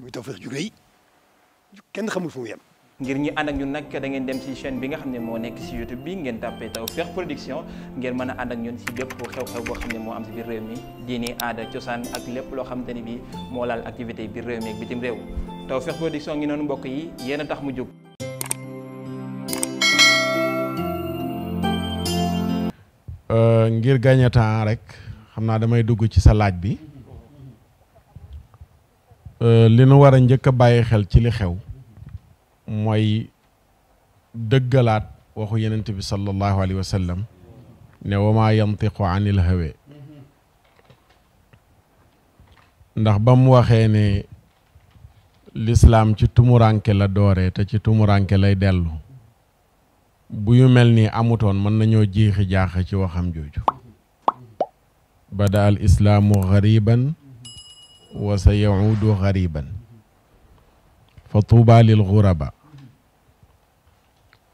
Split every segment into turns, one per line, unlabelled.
muy Tawfekh ju rëy kenn xamul fu mu yem. ngir ñi ànd ak ñun nag da ngeen dem ci chaîne bi nga xam ne moo nekk ci YouTube bi ngeen tàppee Tawfekh Production ngeen mën a ànd ak ñun ci bépp xew-xew boo xam ne moo am biir réew mi diini aada cosaan ak lépp loo xamante ni bi moo laal activité biir réew mi ak bitim réew Tawfekh Production ngi noonu mbokk yi yéen a tax mu jóg.
Euh, ngir gagner temps rek xam naa damay dugg ci sa laaj bi. Euh, li nu war a njëkk a bàyyi xel ci li xew mooy dëggalaat waxu yenent bi sallallahu alayhi wa sallam ne wa maa yantiqu anil hawa ndax ba mu waxee ne lislaam ci tumuranke la dooree te ci tumuranke lay dellu bu yu mel nii amutoon mën nañoo jiixi jaax ci waxam jooju bada al islaamu wa sa yaudu gariban fa tuuba lil guraba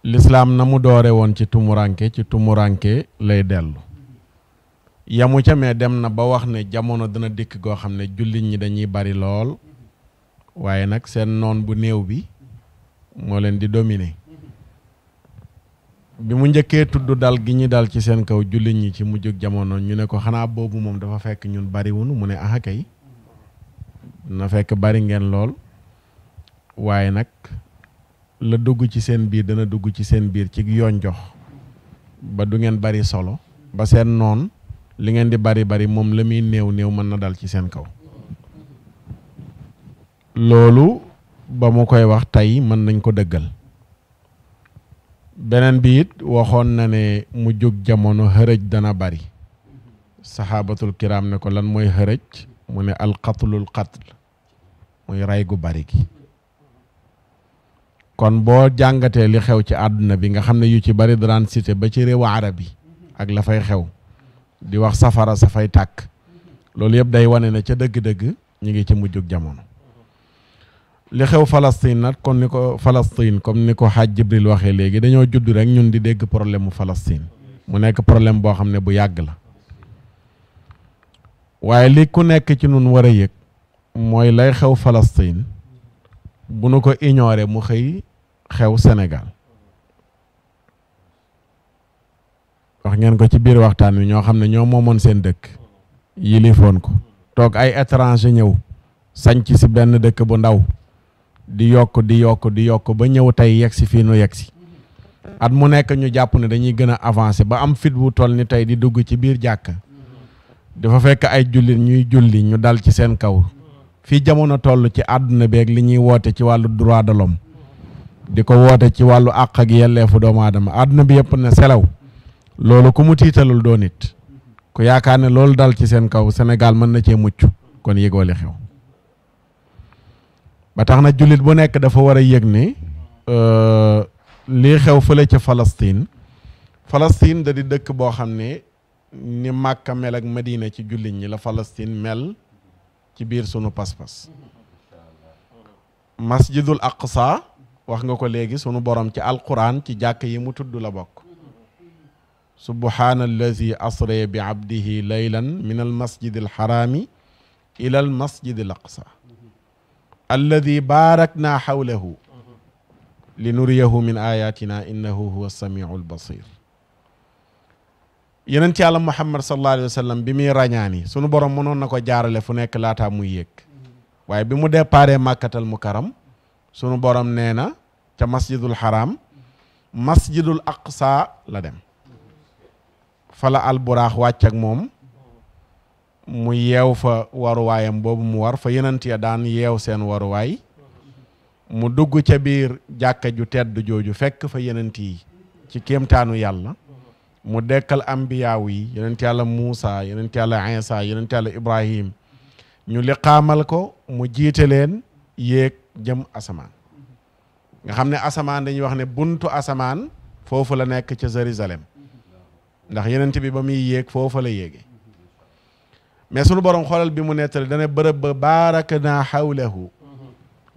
lislaam na mu doore woon ci tumuranke ci tumuranke lay dellu yamu ca mee dem na ba wax ne jamono dana dikk goo xam ne jullit ñi dañuy bari lool waaye nag seen noon bu néew bi moo leen di dominer bi mu njëkkee tudd dal gi ñu dal ci seen kaw jullit ñi ci mujjug jamono ñu ne ko xanaa boobu moom dafa fekk ñun bariwunu mu ne aha kay na fekk bari ngeen lool waaye nag la dugg ci seen biir dana dugg ci seen biir ci yoon jox ba du ngeen bari solo ba seen noon li ngeen di bari bari moom la muy néew néew mën na dal ci seen kaw loolu ba mu koy wax tey mën nañ ko dëggal beneen bi it waxoon na ne mu jóg jamono xërëj dana bari saxaabatul kiraam ne ko lan mooy xërëj mu ne alqatlul qatl muy ray gu bari gi kon boo jàngatee li xew ci àdduna bi nga xam ne yu ci bari daan cité ba ci réewu arab yi ak la fay xew di wax safara sa fay tàkk loolu yëpp day wane ne ca dëgg-dëgg ñu ngi ci mujjug jamono li xew Palestine nag kon ni ko Palestine comme ni ko xaaj Jibril waxee léegi dañoo judd rek ñun di dégg problème mu Palestine mu nekk problème boo xam ne bu yàgg la waaye li ku nekk ci nun war a yéeg mooy lay xew Palestine bu nu ko ignorer mu xëy xew senegal wax ngeen ko ci biir waxtaan wi ñoo xam ne ñoo moomoon seen dëkk yilifoon ko toog ay étranger ñëw sanc si benn dëkk bu ndaw di yokk di yokk di yokk ba ñëw tey yegg si fii nu yegg si at mu nekk ñu jàpp ne dañuy gën a avancer ba am fit wu toll ni tey di dugg ci biir jàkka dafa fekk ay jullit ñuy julli ñu dal ci seen kaw fii jamono toll ci àdduna beeg li ñuy woote ci wàllu droit de l'homme di ko woote ci wàllu àq ak yelleefu doomu aadama àdduna bi yëpp ne selaw loolu ku mu tiitalul doo nit ku yaakaar ne loolu dal ci seen kaw Sénégal mën na cee mucc kon yëgoo li xew ba tax na jullit bu nekk dafa war a yég ni euh, lii xew fële ca Palestine Palestine da di dëkk boo xam ne ni Màkka mel ak ci jullit ñi la Palestine mel ci biir sunu paspas pas masjidul aqsa wax nga ko léegi sunu borom ci alquraan ci jàkk yi mu tudd la bokk subhaana allazi asra bi abdihi laylan min al masjid al xaraami ila al masjid al aqsa alladi baarakna xawlahu linuriyahu min ayatina innahu huwa samiu al yonent yàlla muhammad sallallahu alayhi wa sallam bi muy ràññaani sunu borom mënoon na ko jaarale fu nekk laataa muy yéeg waaye bi mu déparé màkkatal karam sunu borom nee na ca masjidul haram masjidul aqsa la dem fala alburaax wàccak moom mu yeew fa waruwaayam boobu mu war fa yonent ya daan yeew seen waruwaay mu dugg ca biir jàkka ju tedd jooju fekk fa yonent yi ci kéemtaanu yàlla mu dekkal ambiyaaw yi yonent yàlla Muusa yonent yàlla Isa yonent yàlla Ibrahim ñu liqaamal ko mu jiite leen yéeg jëm asamaan nga xam ne asamaan dañuy wax ne buntu asamaan foofu la nekk ca Jérusalem ndax yeneen yonent bi ba muy yéeg foofu la yéege mais sunu borom xoolal bi mu nettali dana bërëb ba baaraka naa xawlahu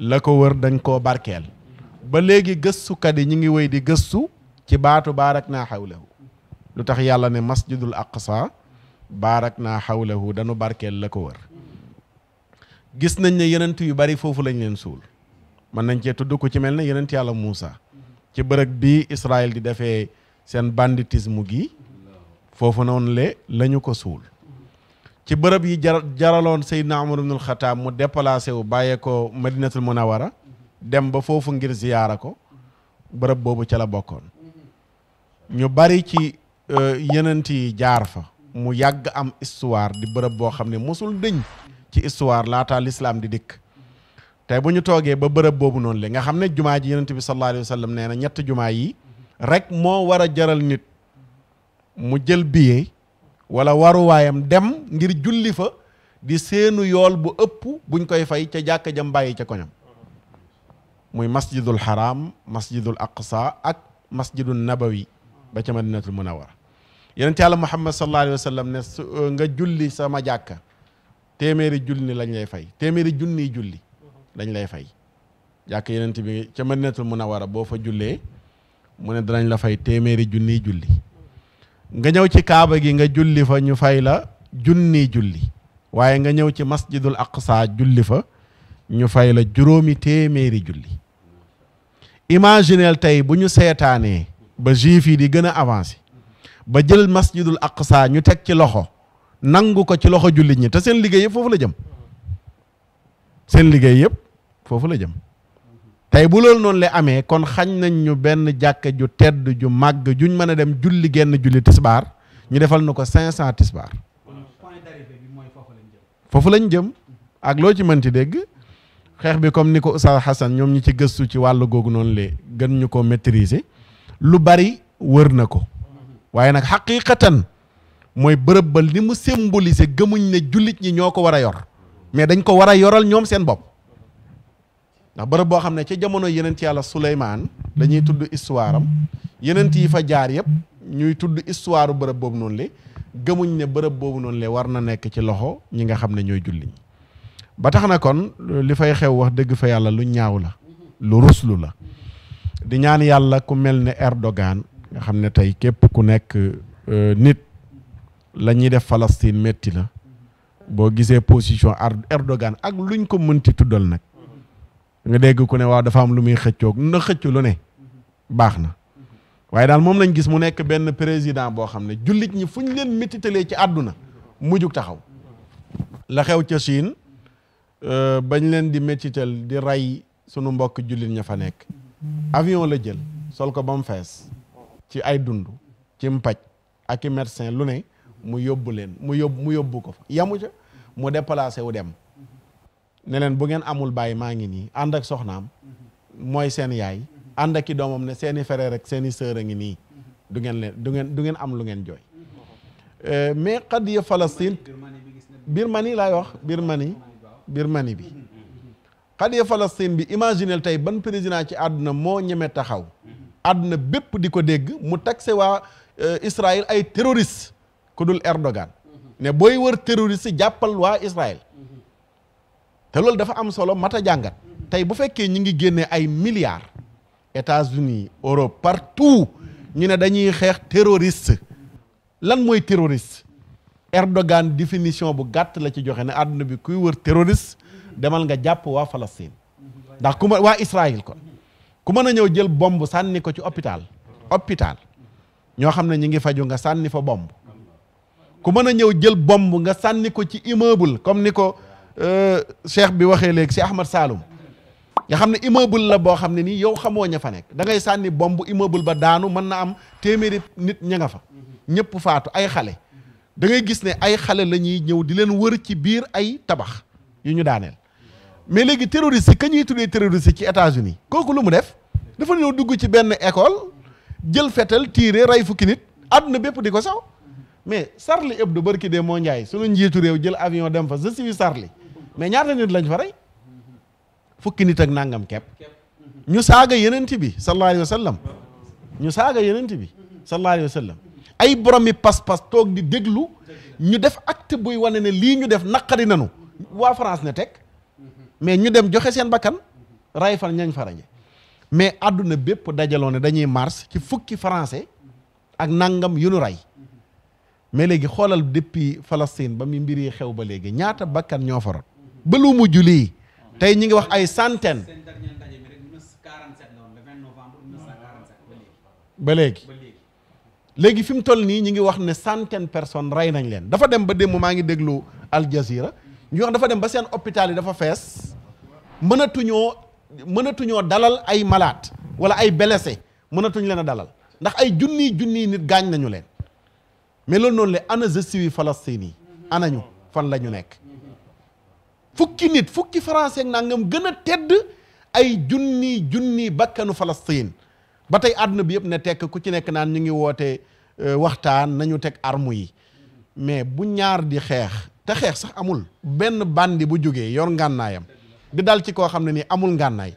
la ko wër dañ koo barkeel ba léegi gëstukat yi ñu ngi wéy di gëstu ci baatu baarak naa xawlahu lu tax yàlla ne masjidul aqsa baarak naa xawlahu danu barkeel la ko wër gis nañ ne yenent yu bari foofu lañ leen suul mën nañ cee tudd ko ci mel ne yenent yàlla Muusa ci bërëb bi Israël di defee seen banditismu gi foofu noonu le lañu ko suul ci bërëb yi jar jaraloon Seydina Umar ibnul Xataab mu déplacé wu bàyyee ko Madinatul Munawara dem ba foofu ngir ziyaara ko bërëb boobu ca la bokkoon ñu bari ci Euh, yenent yi jaar fa mu yàgg am histoire di bërëb boo xam ne mosul dëñ ci histoire laataa lislaam di dikk tey bu ñu toogee ba bërëb boobu noonu li nga xam ne jumaa ji yenent bi sallallahu alayhi wa nee na ñetti jumaa yi rek moo war a jaral nit mu jël billet wala waruwaayam dem ngir julli fa di seenu yool bu ëpp buñ koy fay ca jàkka jam bàyyi ca koñam muy masjidul haram masjidul aqsa ak masjidul nabawi ba ca a war yeneen yonent yàlla muhammad sallallahu alayhi wa sallam ne euh, nga julli sama jàkka téeméeri junni lañ lay fay téeméeri junniy julli dañ lay fay jàkk yonent bi a madinatul munawara boo fa jullee mu ne danañ la fay téeméeri junniy julli nga ñëw ci kaaba gi nga julli fa ñu fay la junniy julli waaye nga ñëw ci masjidul aqsa julli fa ñu fay la juróomi téeméeri julli imagineel tey bu ñu seetaanee ba juif di gën a avancé ba jël masjidul saa ñu teg ci loxo nangu ko ci loxo julli ñi te seen liggéey yëpp foofu la jëm liggéey yëpp foofu la jëm tey bu loolu noonu la amee kon xañ nañ ñu benn jàkka ju tedd ju màgg juñ mën a dem julli genn julli tisbaar ñu defal na ko cinq cent tisbaar foofu lañ jëm ak loo ci mënti dégg xeex bi comme ni ko Oustaz Hassan ñoom ñi ci gëstu ci wàllu googu noonu le gën ñu ko maîtriser lu bari wër na ko waaye nag xaqiqatan mooy bërëb ba li mu symboliser gëmuñ ne jullit ñi ñoo ko war a yor mais dañ ko war a yoral ñoom seen bopp ndax bërëb boo xam ne ca jamono yenent yàlla Suleymaan dañuy tudd histoire am yenent yi fa jaar yëpp ñuy tudd histoire bërëb boobu noonu li gëmuñ ne bërëb boobu noonu le war na nekk ci loxo ñi nga xam ne ñooy julliñ ba tax na kon li fay xew wax dëgg fa yàlla lu ñaaw la lu ruslu la di ñaan yàlla ku mel ne Erdogan nga xam ne tey képp ku nekk euh, nit la ñuy def Palestine métti la boo gisee position Erdogan ak luñ ko mënti tuddal nag nga dégg ku ne waaw dafa am lu muy xëccoog na xëccu lu ne baax na waaye daal moom lañ gis mu nekk benn président boo xam ne jullit ñi fuñ leen méttitalee ci àdduna mujjug taxaw la xew ca Chine euh, bañ leen di méttital di rey sunu mbokk jullit ña fa nekk avion la jël sol ko ba mu fees ci ay dund ci mpaj ak i médecin lu ne mu yóbbu leen mu yóbbu mu yóbbu ko fa yamu ca mu déplacé wu dem ne leen bu ngeen amul bàyyi maa ngi nii ànd ak soxnaam mooy seen yaay ànd ak i doomam ne seeni i rek seen i sœur a ngi nii du ngeen leen du ngeen du ngeen am lu ngeen jooy euh, mais xadiya Palestine Birmanie laay wax Birmanie Birmanie bi xadiya Palestine bi imaginel tey ban président ci àdduna moo ñeme taxaw àdduna bépp di ko dégg mu taxé waa euh, Israël ay terroriste ku dul Erdogan ne booy wër terroriste jàppal waa Israël te loolu dafa am solo mat a jàngat tey bu fekkee ñi ngi génnee ay milliards États-Unis Europe partout ñu ne dañuy xeex terroriste lan mooy terroriste Erdogan définition bu gàtt la ci joxe ne àdduna bi kuy wër terroriste demal nga jàpp waa Palestine ndax ku waa Israël kon ku mën a ñëw jël bomb sànni ko ci hôpital hôpital ñoo xam ne ñi ngi faju nga sànni fa bomb ku mën a ñëw jël bomb nga sànni ko ci immeuble comme ni ko euh, cheikh bi waxee léegi si Ahmad Saloum nga xam ne immeuble la boo xam ne nii yow xamoo ña fa nekk dangay ngay sànni bomb immeuble ba daanu mën na am téeméeri nit ña nga fa ñëpp faatu ay xale dangay gis ne ay xale la ñuy ñëw di leen wër ci biir ay tabax yu ñu daaneel mais léegi terroriste ka ñuy tuddee terroriste ci États-Unis kooku lu mu def dafa ñëw dugg ci benn école jël fetal tiire rey fukki nit àdduna bépp di ko saw mais Charlie Hebdo barki dee moo njaay suñu njiitu réew jël avion dem fa je suis Charlie mais ñaata nit lañ fa rey fukki nit ak nangam kepp ñu saaga yenent bi sallallahu alayhi wa sallam ñu saaga yenent bi sallallahu alayhi wa sallam ay boromi pas-pas toog di déglu ñu def acte buy wane ne lii ñu def naqadi nanu waa France ne teg mais ñu dem joxe seen bakkan ray fan ñañ fa raje mais àdduna bépp dajaloo ne dañuy mars ci fukki français ak nangam yu nu rey mais léegi xoolal depuis Palestine ba mu mbir yi xew ba léegi ñaata bakkan ñoo fa rot ba mujj lii tey ñu ngi wax ay centaine ba léegi léegi fi mu toll nii ñu ngi wax ne centaine personnes rey nañ leen dafa dem ba démb maa ngi déglu Al ñu wax dafa dem ba seen hôpital yi dafa fees mënatuñoo mënatuñoo dalal ay malaat wala ay blessé mënatuñ leen a dalal ndax ay junniy junniy nit gaañ nañu leen mais noonu la anajestiwi yi Palestine yi anañu fan la ñu nekk fukki nit fukki français nangam gën a tedd ay junniy junniy bakkanu Palestine ba tey àdduna bi yëpp na tekk ku ci nekk naan ñu ngi woote euh, waxtaan nañu teg armu yi mais bu ñaar di xeex te xeex sax amul benn bandi bu jógee yoon ngànnaayam di dal ci koo xam ne nii amul ngànnaay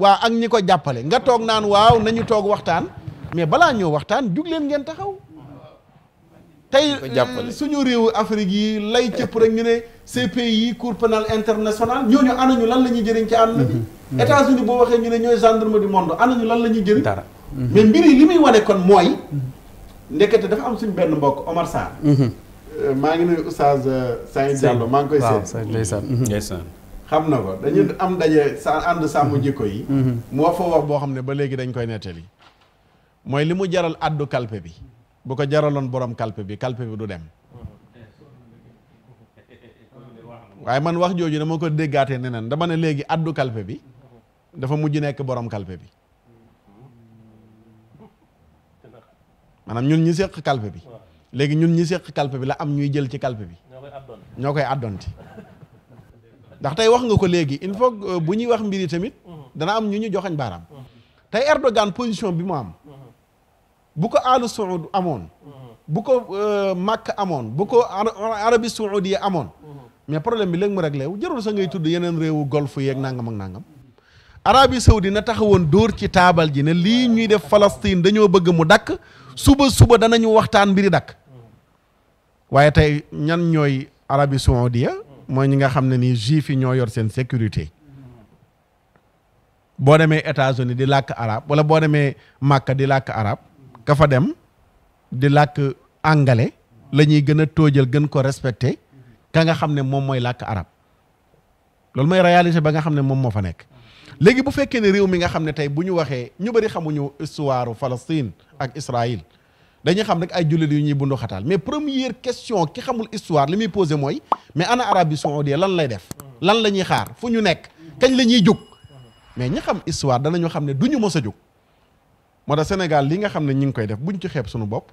waa ak ñi ko jàppale nga toog naan waaw nañu toog waxtaan mais balaa ñoo waxtaan jug leen ngeen taxaw tey euh, suñu réew Afrique yi lay cëpp rek ñu ne CPI cour pénal international ñooñu anañu lan la ñuy jëriñ ci àdduna bi mhm. États-Unis boo waxee ñu ne ñooy gendarme du monde anañu lan la ñuy jëriñ dara mais mbir yi li muy wane kon mooy mhm. ndekete dafa am suñu benn mbokk Omar Sarr mhm. maa ngi nuyu Oustaz euh, Saïd Diallo maa ngi koy seet
ndeysaan mhm. ndeysaan
xam na ko dañu mhm. am daje sa ànd sàmm mhm. jikko yi moo fa wax boo xam ne ba léegi dañ koy nettali mooy li mu jaral addu kalpe bi bu ko jaraloon borom kalpe bi kalpe bi du dem waaye man wax jooju dama ko déggaatee neneen dama ne léegi addu kalpe bi dafa mujj nekk borom kalpe bi maanaam ñun ñu séq kalpe bi léegi ñun ñi seq kalpe bi la am ñuy jël ci kalpe bi ñoo koy addonti ndax tey wax nga ko léegi il faut euh, bu ñuy wax mbiri tamit mm-hmm. dana am ñu ñu joxañ baaraam mm-hmm. tey Erdogan position bi mu am mm-hmm. bu ko Al Saoud amoon bu ko euh, Makka amoon bu ko Arabie Saoudite amoon mais problème bi léegi mu réglé wu jërul sa ngay tudd yeneen réewu golf yeeg nangam ak nangam Arabie Saoudite na taxawoon dóor ci taabal ji ne lii ñuy def Palestine dañoo bëgg mu dakk suba suba danañu waxtaan mbiri dakk waaye tey ñan ñooy Arabie Saoudia mooy ñi nga xam ne nii juif yi ñoo yor seen sécurité boo demee États-Unis di làkk arab wala boo demee Màkka di làkk arab ka fa dem di làkk anglais la ñuy gën a tóojal gën ko respecté ka nga xam ne moom mooy làkk arab loolu mooy réalisé ba nga xam ne moom moo fa nekk léegi bu fekkee ne réew mi nga xam ne tey bu ñu waxee ñu bari xamuñu histoire Palestine ak Israël dañuy xam rek ay jullit yu ñuy bundu xataal mais première question ki xamul histoire li muy posé mooy mais ana Arabie Saoudite lan lay def lan la ñuy xaar fu ñu nekk kañ la ñuy jóg mais ñi xam histoire danañu xam ne du ñu mës a jóg moo tax Sénégal li nga xam ne ñi ngi koy def buñ ci xeeb suñu bopp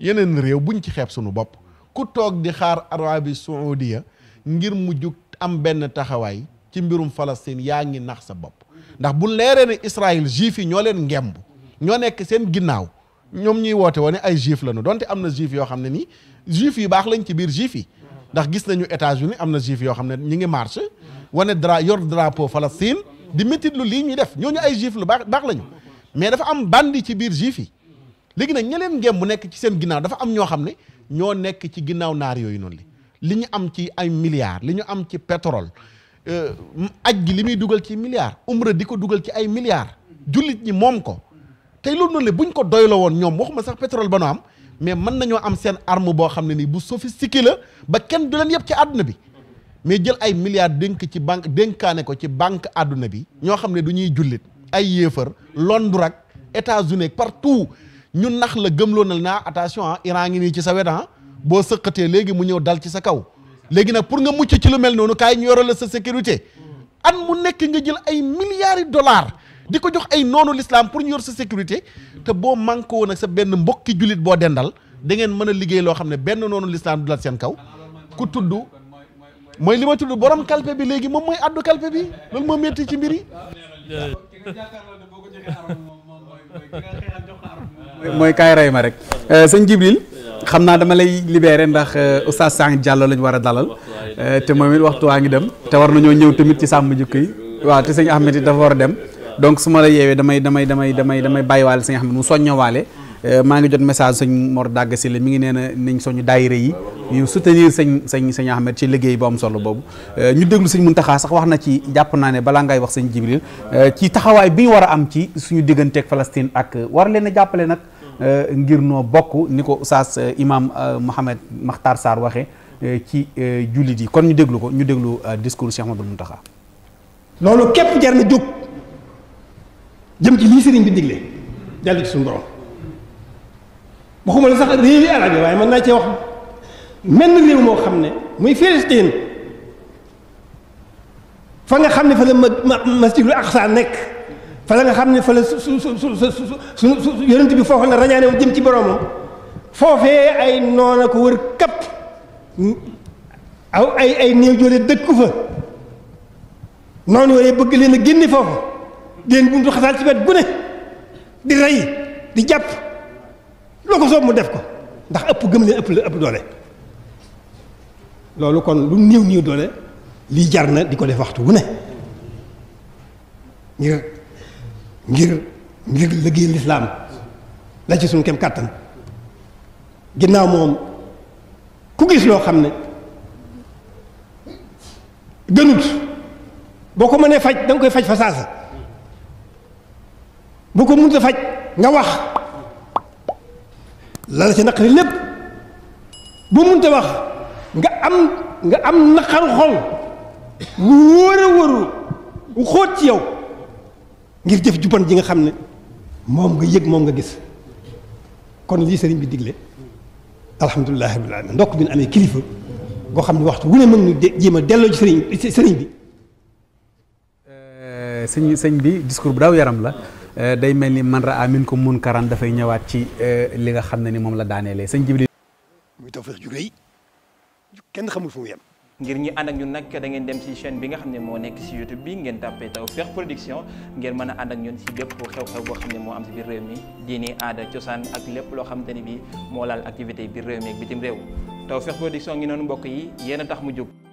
yeneen réew bu ñu ci xeeb suñu bopp ku toog di xaar Arabie Saoudite ngir mu jóg am benn taxawaay ci mbirum Palestine yaa ngi nax sa bopp ndax bu leeree ne Israël juif yi ñoo leen ngemb ñoo nekk seen ginnaaw ñoom ñuy woote wane ay juif la lañu donte am na juif yoo xam ne nii juif yu baax lañ ci biir juif yi ndax gis nañu États-Unis am na juif yoo xam ne ñu ngi marche wane dra yor drapeau Palestine di métit lii ñuy def ñooñu ay juif lu baax baax lañu mais dafa am bandi ci biir juif yi léegi nag ñeneen ngem bu nekk ci seen ginnaaw dafa am ñoo xam ne ñoo nekk ci ginnaaw naar yooyu noonu li li ñu am ci ay milliards li ñu am ci pétrole euh, aj gi li muy dugal ci milliards umra di ko dugal ci ay milliards jullit ñi moom ko tey loolu noonu bu buñ ko doyloo woon ñoom waxuma sax pétrole ba nu am mais mën nañoo am seen arme boo xam ne nii bu sophistiqué la ba kenn du leen yëpp ci àdduna bi mais jël ay milliards dénk ci banque dénkaane ko ci banque àdduna bi ñoo xam ne du ñuy jullit ay yéefar Londres ak États-Unis partout ñu nax la gëmloo na naa ah, attention ah Iran ngi nii ci sa wet ah, boo sëqatee léegi mu ñëw dal ci sa kaw léegi nag pour nga mucc ci lu mel noonu kaay ñu yore sa sécurité at mu nekk nga jël ay milliards de dollars di ko jox ay noonu l'islam pour ñu yor sa sécurité te boo manqué woon ak sa benn mbokki jullit boo dendal da ngeen mën a liggéey loo xam ne benn noonu l'islam du dal seen kaw ku tudd mooy li ma tudd borom kalpe bi léegi moom mooy addu kalpe bi loolu moo métti ci mbir yi.
mooy kaay rey ma rek euh, sëñ Jibril xam naa dama lay libéré ndax euh, Oustaz Sang Diallo lañ war a dalal euh, te moom it waxtu waa ngi dem te war nañoo ñëw tamit ci sàmm jikko yi waaw te sëñ Ahmed dafa war a dem. donc su ma la yeewee damay damay damay damay damay bàyyiwaale si nga xam ne mu soññowaale euh, maa ngi jot message sañ Mor Dàgg si la mi ngi nee na nañ soñu daayira yi ñu soutenir sañ sëñ sëñ Ahmed ci liggéey bu solo boobu euh, ñu déglu sëñ Muntaxa sax wax na ci jàpp naa ne balaa ngay wax sëñ Jibril euh, ci taxawaay bi ñu war a am ci suñu digganteeg Palestine ak war leen a jàppale nag ngir noo bokk ni ko saas imam Mohamed Makhtar Sarr waxee ci jullit yi kon ñu déglu ko ñu déglu discours Cheikh Ahmadou
jëm ci lii sëriñ bi digle dellu ci suñu borom waxuma la sax réewi arab yi waaye mën naa cee wax na réew moo xam ne muy Filistin fa nga xam ne fa la masjidul aqsa nekk fa la nga xam ne fa la su su su su su yonent bi foofu la rañaane moom jëm ci boromam foofee ay noona ko wër kapp aw ay ay néew joole dëkku fa noonu yooyu bëgg leen a génne foofu di leen buntu xasaal ci wet bu ne di rey di jàpp loo ko soob mu def ko ndax ëpp gëm leen ëpp la ëpp doole loolu kon lu néew néew doole lii jar na di ko def waxtu wu ne ngir ngir ngir liggéey lislaam la ci suñu kem kàttan ginnaaw moom ku gis loo xam ne gënut boo ko mënee faj da koy faj fa saasa boo ko mënut a faj nga wax la la naqari lépp bu mënut a wax nga am nga am naqaru xol mu wóor xóot ci yow ngir jëf juban ji nga xam ne moom nga yëg moom nga gis kon lii sëriñ bi digle alhamdulilahi rabbil alamin ndokk bi ñu amee kilifa goo xam ne waxtu wu ne mën ñu jéem a delloo ci sëriñ sëriñ bi
euh, sëñ sëñ bi discours bu daw yaram la Euh, day mel ni man raa min ko mun karan dafay ñëwaat ci euh, li nga xam ne ni moom la daaneelee sëñ Jibril
muy Tawfekh ju rëy
kenn xamul fu mu yem ngir ñi ànd ak ñun nag da ngeen dem ci chaine bi nga xam ne moo nekk ci YouTube bi ngeen tàppee Tawfekh Production ngeen mën a ànd ak ñun ci bépp xew-xew boo xam ne moo am ci biir réew mi diini aada cosaan ak lépp loo xamante ni bi moo laal activité biir réew mi ak bitim réew Tawfekh Production ngi noonu mbokk yi yéen tax mu jóg